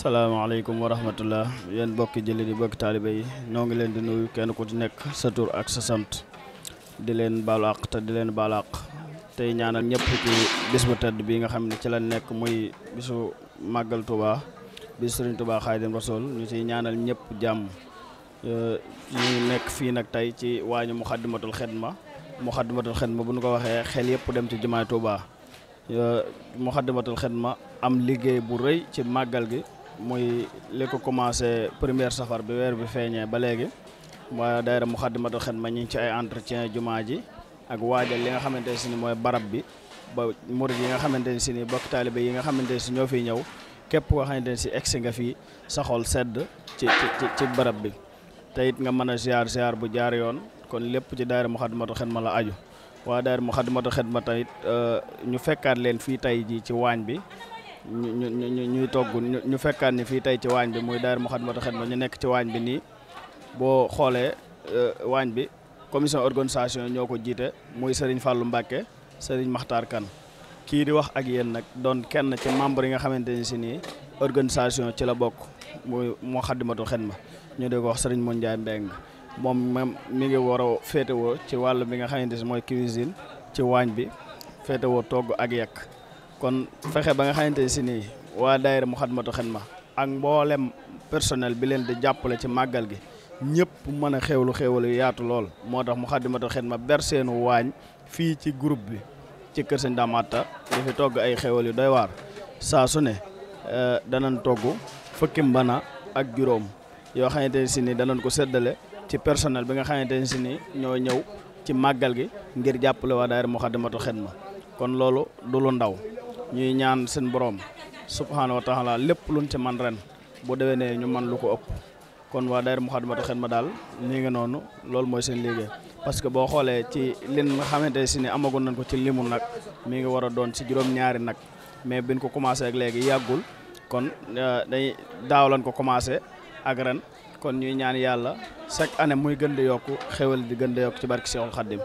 salaamaaleykum wa rahmatullah yéen bokki jëli di bokki taalibe yi noo ngi leen di nuyu kenn ku ci nekk sa tur ak sa sant di leen baalu àq te di leen baalu àq tey ñaanal ñëpp ci bis bu tedd bi nga xam ne ci la nekk muy bisu màggal Touba bisu Serigne Touba Xaadim Rasul ñu si ñaanal ñëpp jàmm ñu nekk fii nag tey ci waañu ma Xidma Muxaddamatul ma bu nu ko waxee xel yëpp dem ci jumaay Touba Muxaddamatul ma am liggéey bu rëy ci màggal gi muy li commencé première safar bi weer bi feeñee ba léegi mooy daayira Muxaddamatul Xidma ma ngi ci ay entretien jumaa ji ak waajal li nga xamante si ni mooy barab bi ba murid yi nga xamante si ni bokk taalibe yi nga xamante si ñoo fiy ñëw képp koo xamante si egsi nga fii sa sedd ci ci ci barab bi te it nga mën a ziar ziar bu jaar yoon kon lépp ci daayira Muxaddamatul ma la aju waa daayira Muxaddamatul Xidma tamit euh, ñu fekkaat leen fii tey jii ci waañ bi ñu ñu ñuy togg ñu fekkaat ni fii tey ci waañ bi muy daayira Moukhaddamatoul Khidma ñu nekk ci waañ bi nii boo xoolee euh, waañ bi commission organisation ñoo ko jiite muy Serigne fàllu Mbacke Serigne Makhtar Kane kii di wax ak yéen nag doon kenn ci membre yi nga xamante ne si nii organisation ci la bokk muy Moukhaddamatoul ma ñu di ko wax Serigne Mon Ndiaye Mbeng moom même mi ngi war féetewoo ci wàll bi nga xamante si mooy cuisine ci waañ bi féetewoo togg ak yekk kon fexe ba nga xamante si nii waa daayira Muxaddamatul ma ak mboolem personnel bi leen di jàppale ci màggal gi ñëpp mën a xewlu xewlu yaatu lool moo tax Muxaddamatul Xidma ber seenu waañ fii ci groupe bi ci kër sëñ Damata di fi togg ay xewal yu doy waar saa su ne eh, danañ togg fukki mbana ak juróom yoo xamante ne si ni danañ ko seddale ci personnel bi nga xamante ne si ni ñoo ñëw ci màggal gi ngir jàppale waa daayira Muxaddamatul Xidma kon loolu du ndaw ñuy ñaan seen borom subhaana wa taala lépp luñ ci man ren bu nee ñu man lu ko ëpp kon waa mu daayira Moukhaddamatoul ma daal nii nga noonu loolu mooy seen liggéey parce que boo xoolee ci lin nga xamante si ni amagoon nañ ko ci limu nag mi ngi war a doon si juróom-ñaari nag mais biñ ko commencé ak léegi yàggul kon euh, day daaw lañ ko commencé ak ren kon ñuy ñaan yàlla chaque année muy gën di yokk xéwal di gën di yokku ci barke Seexul Xaddim